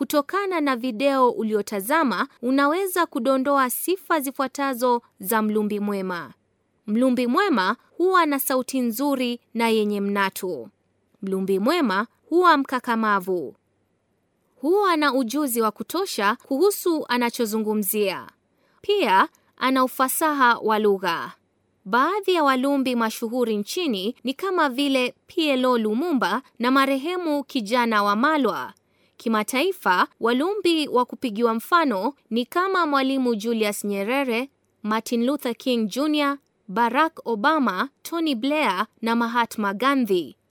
Kutokana na video uliotazama, unaweza kudondoa sifa zifuatazo za mlumbi mwema. Mlumbi mwema huwa na sauti nzuri na yenye mnato. Mlumbi mwema huwa mkakamavu. Huwa na ujuzi wa kutosha kuhusu anachozungumzia. Pia ana ufasaha wa lugha. Baadhi ya walumbi mashuhuri nchini ni kama vile PLO Lumumba na marehemu kijana wa Malwa. Kimataifa, walumbi wa kupigiwa mfano ni kama Mwalimu Julius Nyerere, Martin Luther King Jr, Barack Obama, Tony Blair na Mahatma Gandhi.